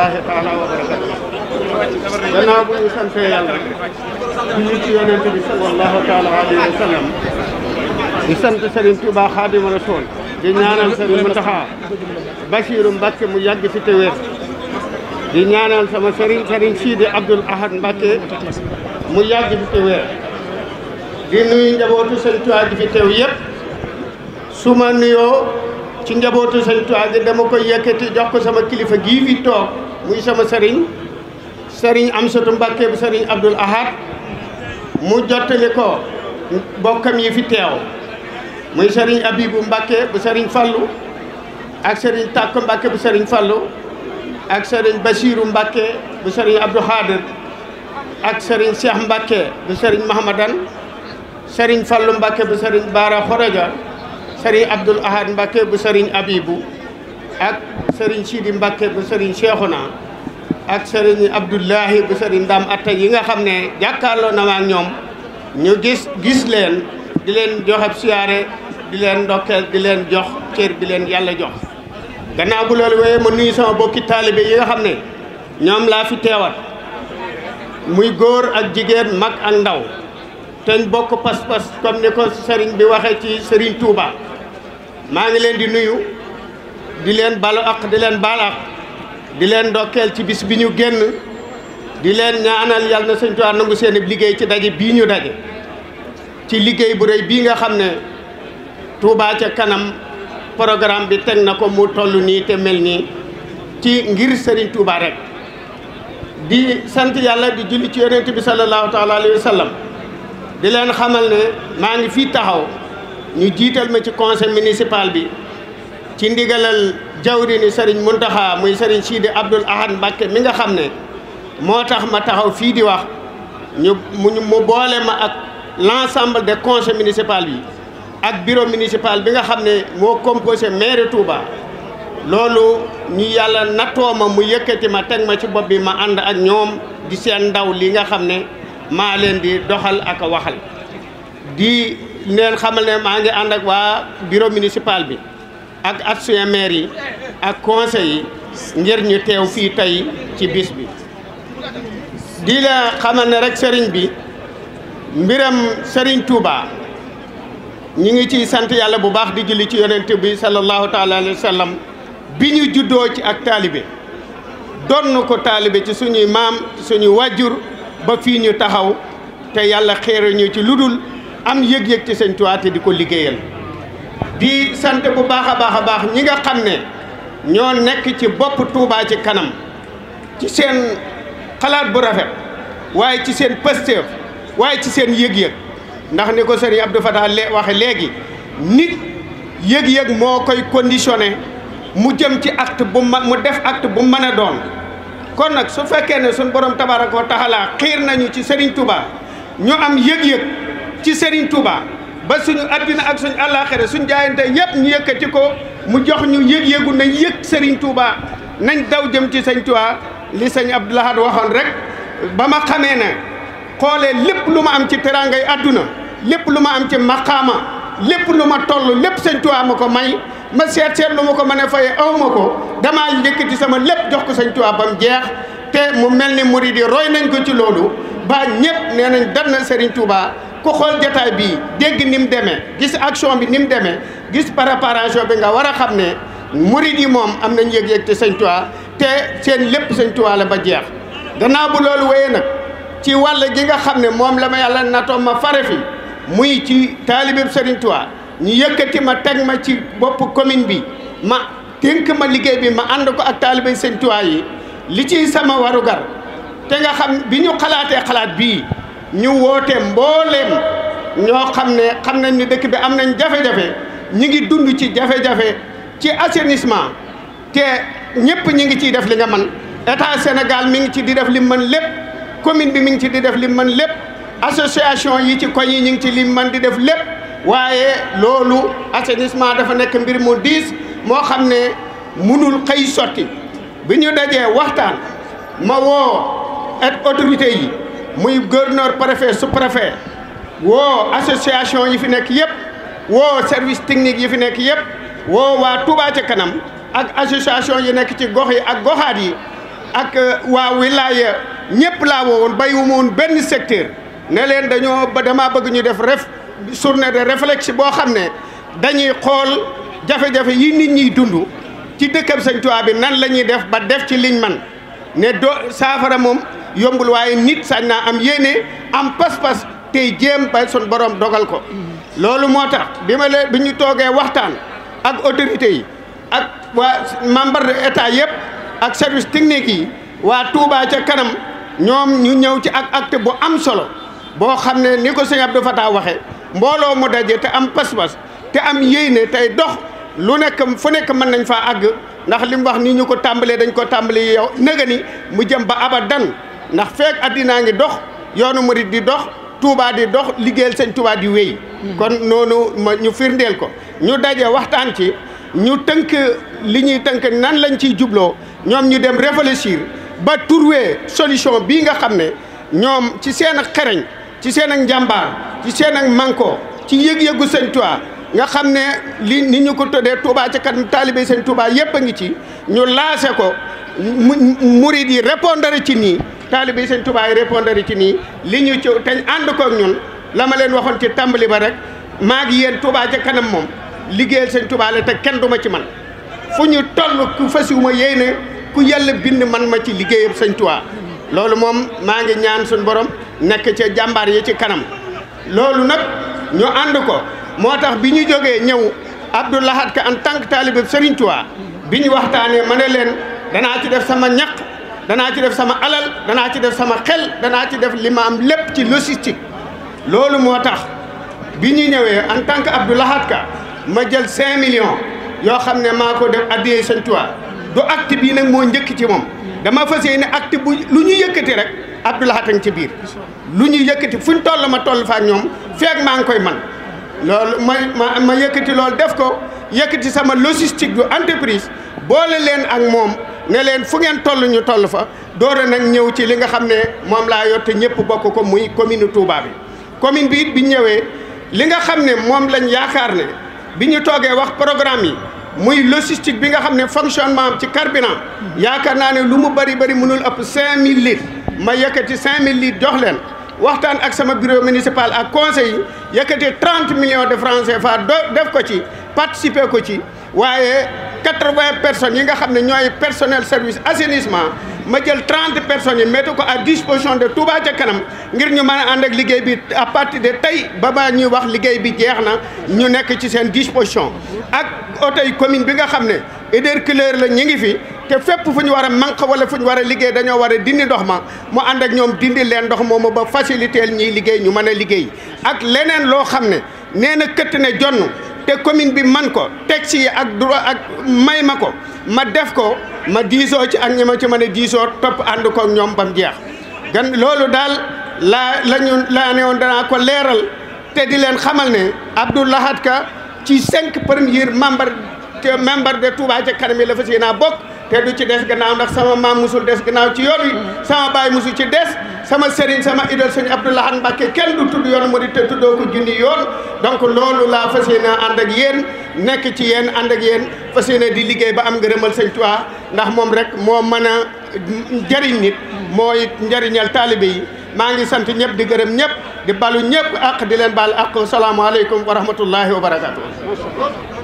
rahmatullahi taala wa barakatu gannaaw bu ñu sante yàlla julli ci yonent taala wa sallam di sant Serigne Touba Khadim Rasoul di ñaanal Serigne Mountakha Bassirou Mbacké mu yàgg fi te wér di ñaanal sama Serigne Serigne Sidi Abdoul Ahad Mbacké mu yàgg fi te wér di nuyu njabootu Serigne Touba gi fi teew ci njabootu sëñ Tuubaa gi dama koy yëkkati jox ko sama kilifa gii fi toog muy sama sëriñ sëriñ Amsatu Mbàkke bu sëriñ Abdul Ahad mu jottali ko bokkam yi fi teew muy sëriñ Abibu Mbàkke bu sëriñ Fallu ak sëriñ Tàkk Mbàkke bu sëriñ Fallu ak sëriñ Basiiru Mbàkke bu sëriñ Abdou Xaadir ak sëriñ Cheikh Mbàkke bu sëriñ Mahamadan sëriñ Fallu Mbàkke bu sëriñ Baara Xoroja sëriñ Abdoul Ahad Mbacke bu sëriñ Abibou ak sëriñ Sidi Mbacke bu sëriñ Cheikhouna ak sëriñ Abdoulahi bu sëriñ Ndam Atta yi nga xam ne jàkkaarloo na ñoom ñu gis gis leen di leen joxe siyaare di leen ndokkeel di leen jox cër di leen yàlla jox. gannaaw bu loolu wéyee ma sama bokki taalibe yi nga xam ne ñoom laa fi teewat muy góor ak jigéen mag ak ndaw. teñ bokk pas-pas comme ni ko sëriñ bi waxee ci sëriñ Touba. maa ngi leen di nuyu di leen balu ak di leen baal ak di leen ndokkeel ci bis bi ñu génn di leen ñaanal yàlla na sëñ Tuubaa nangu seen liggéey ci daje bii ñu daje ci liggéey bu rëy bii nga xam ne Touba ca kanam programme bi teg na ko mu toll nii te mel nii ci ngir Serigne Touba rek di sant yàlla di julli ci yonent bi sallallahu taala wa sallam di leen xamal ne maa ngi fii taxaw ñu jiital ma ci conseil municipal bi ci ndigalal jawrini Serigne Mountakha muy Serigne Sidi Abdoul Ahad Mbacké mi nga xam ne moo tax ma taxaw fii di wax ñu mu boole ma ak l'ensemble des conseil municipal bi ak bureau municipal bi nga xam ne moo composé maire Touba loolu ñu yàlla nattoo ma mu yëkkati ma teg ma ci bopp bi ma ànd ak ñoom di seen ndaw lii nga xam ne maa leen di doxal ak waxal di leen xamal ne maa ngi ànd ak waa bureau municipal bi ak adjoint maire yi ak conseil yi ngir ñu teew fii tey ci bis bi di la xamal ne rek sëriñ bi mbiram sëriñ Touba ñu ngi ci sant yàlla bu baax di julli ci yonent bi sallallahu taala alayhi wa bi ñu juddoo ci ak taalibe donn ko taalibe ci suñuy maam suñu wàjjur ba fii ñu taxaw te yàlla xéere ñu ci ludul am yëg-yëg ci sëñ Tuubaa di ko liggéeyal di sant bu baax a baax a baax ñi nga xam ne ñoo nekk ci bopp Touba ci kanam ci seen xalaat bu rafet waaye ci seen pësteef waaye ci seen yëg-yëg ndax ni ko sëriñ Abdou Fatah le waxe léegi nit yëg-yëg moo koy conditionné mu jëm ci acte bu ma mu def acte bu mën a doon kon nag su fekkee ne suñ borom tabaraka wa taala xiir nañu ci sëriñ Touba ñu am yëg-yëg ci Serigne Touba ba suñu addina ak suñu àllaaxira suñu jaayante yëpp ñu yëkkati ko mu jox ñu yëg-yëgu nañu yëg Serigne Touba nañ daw jëm ci sëñ Touba li sëñ Abdou Lahad waxoon rek ba ma xamee ne xoolee lépp lu ma am ci teraangay adduna lépp lu ma am ci maqaama lépp lu ma toll lépp sëñ Touba ma ko may ma seet seet lu ma ko mën a faye awma ko damaa yëkkati sama lépp jox ko sëñ Touba ba mu jeex te mu mel ni murid yi roy nañ ko ci loolu ba ñëpp nee nañ dan na Serigne Touba. ku xool jataay bii dégg ni deme demee gis action bi ni mu demee gis préparation bi nga war a xam ne murid yi moom am nañ yëg-yëg te sëñ Tuubaa te seen lépp sëñ Tuubaa la ba jeex gannaaw bu loolu wéyee nag ci wàll ji nga xam ne moom la ma yàlla natoo ma fare fi muy ci taalibeb sëriñ Tuubaa ñu yëkkati ma teg ma ci bopp commune bi ma dénk ma liggéey bi ma ànd ko ak taalibey sëñ Tuubaa yi li ci sama warugar te nga xam bi ñu xalaatee xalaat bii ñu woote mbooleem ñoo xam ne xam nañ ni dëkk bi am nañ jafe-jafe ñi ngi dund ci jafe-jafe ci assainissement te ñëpp ñi ngi ciy def li nga man état Sénégal mi ngi ci di def li mën lépp commune bi mi ngi ci di def li man lépp association yi ci koñ yi ñu ngi ci li man di def lépp waaye loolu assainissement dafa nekk mbir mu diis moo xam ne mënul xëy sotti bi ñu dajee waxtaan ma woo autorité yi muy gouverneur préfet sous préfet woo association yi fi nekk yëpp woo service technique yi fi nekk yëpp woo waa Touba ca kanam ak association yi nekk ci gox yi ak goxaat yi ak euh, waa wilaya ñëpp laa woowoon bàyyiwuma woon benn secteur ne leen dañoo ba damaa bëgg ñu def ref journée de réflexion boo xam ne dañuy xool jafe-jafe yi nit ñiy dund ci dëkkam Sëñ Tuubaa bi nan la ñuy def ba def ci liñ man ne do saafara moom yombul waaye nit sañ naa am yéene am pas-pas tey jéem ba sun borom dogal ko loolu moo tax bi ma leen bi ñu toogee waxtaan ak autorités yi ak waa membre de état yëpp ak service technique yi waa Touba ca kanam ñoom ñu ñëw ci ak acte bu am solo boo xam ne ni ko sëñ Abdou taa waxee mbooloo mu daje te am pas-pas te am yéene tey dox lu nekk fu nekk mën nañ faa àgg ndax li mu wax nii ñu ko tàmbalee dañ ko tàmbalee yow nëga mu jëm ba aba abadan ndax feek addinaa ngi dox yoonu murit di dox Touba di dox liggéeyal sëñ Touba di wéy hmm. kon noonu ma ñu firndeel ko ñu daje waxtaan ci ñu tënk li ñuy tënk nan lañ ciy jubloo ñoom ñu dem réfléchir ba trouver solution bii nga xam ne ñoom ci seen xereñ ci seen ak njàmbaar ci seen ak manko ci yëg-yëgu sëñ Touba nga xam ne li ni ñu ko tëddee Touba ca kanam taalibe sëñ Touba yëpp a ngi ci ñu laase ko murid yi répondre ci nii taalibe sëñ Tuubaa yi répondre ci nii li ñu ci teñ ànd kook ñun la ma leen waxoon ci tàmbali ba rek maa ngi yéen Tuubaa ca kanam moom liggéeyal sëñ Tuubaa te kenn du ma ci man fu ñu toll ku fasiwuma yéene ku yàlla bind man ma ci liggéeyam sëñ Tuubaa loolu moom maa ngi ñaan suñu borom nekk ca jàmbaar yi ci kanam loolu nag ñu ànd ko moo tax bi ñu jógee ñëw Abdou Lahad Ka en tant que taalibe Sëriñ Tuubaa bi ñu waxtaanee ma ne leen danaa ci def sama ñaq danaa ci def sama alal danaa ci def sama xel danaa ci def li ma am lépp ci logistique loolu moo tax bi ñu ñëwee en tant que Abdou Lahad Ka ma jël 5 million yoo xam ne maa ko def addiyee Sëñ Tuubaa du acte bii nag moo njëkk ci moom dama fas yéene acte bu lu ñu yëkkati rek Abdou Lahad a ci biir lu ñu yëkkati fu ñu toll ma toll faa ñoom feeg maa ngi koy man loolu ma ma ma yëkkati loolu def ko yëkkati sama logistique du entreprise boole leen ak moom ne leen fu ngeen toll ñu toll fa doore nag ñëw ci li nga xam ne moom laa yor te ñëpp bokk ko muy commune Touba bi commune bi it ñëwee li nga xam ne moom lañ yaakaar ne bi ñu toogee wax programme yi muy logistique bi nga xam ne fonctionnement am ci carburant yaakaar naa ne lu mu bari bari mënul ëpp 5000 litres ma yëkkati 5000 litres jox leen waxtaan ak sama bureau municipal ak conseil yi yëkkati 30 millions de francs CFA def ko ci participer ko ci waaye. quatre-vingts personnes yi nga xam ne ñooy personnel service assainissement ma jël trente personnes yi mettre ko à disposition de Touba ca kanam ngir ñu mën a ànd ak liggéey bi à partir de tey ba ba ñuy wax liggéey bi jeex na ñu nekk ci seen disposition ak oto commune bi nga xam ne édercleur la ñu ngi fi te fépp fu ñu war a manque wala fu ñu war liggéey dañoo war a dindi ndox ma mu ànd ak ñoom dindi leen ndox moomu ba faciliter ñiy liggéey ñu mën a liggéey ak leneen loo xam ne nee na këtt ne jonn te commune bi man ko teg ci ak droit ak may ma ko ma def ko ma diisoo ci an ñi ma ci mën a diisoo topp ànd ko ñoom ba mu jeex gan loolu daal laa la ñu laa ne woon danaa ko leeral te di leen xamal ne Abdou Lahad Ka ci cinq premiers membres membre de Touba ca kanam yi la fas yéenaa bokk te du ci des gannaaw ndax sama maam musul des gannaaw ci yoon wi mm-hmm. sama baay musul ci des sama sëriñ sama idol sëñ Abdou Lahad Mbacké kenn du tudd yoon murid te tuddoo ko junni yoon donc loolu laa fas yéene ànd ak yéen nekk ci yéen ànd ak yéen fas yéene di liggéey ba am ngërëmal sëñ Tuubaa ndax moom rek moo mën a njëriñ nit mm-hmm. mooy njëriñal taalibe yi maa ngi sant ñëpp di gërëm ñëpp di balu ñëpp ak di leen baal ak salaamaaleykum wa rahmatullahi wa barakaatu.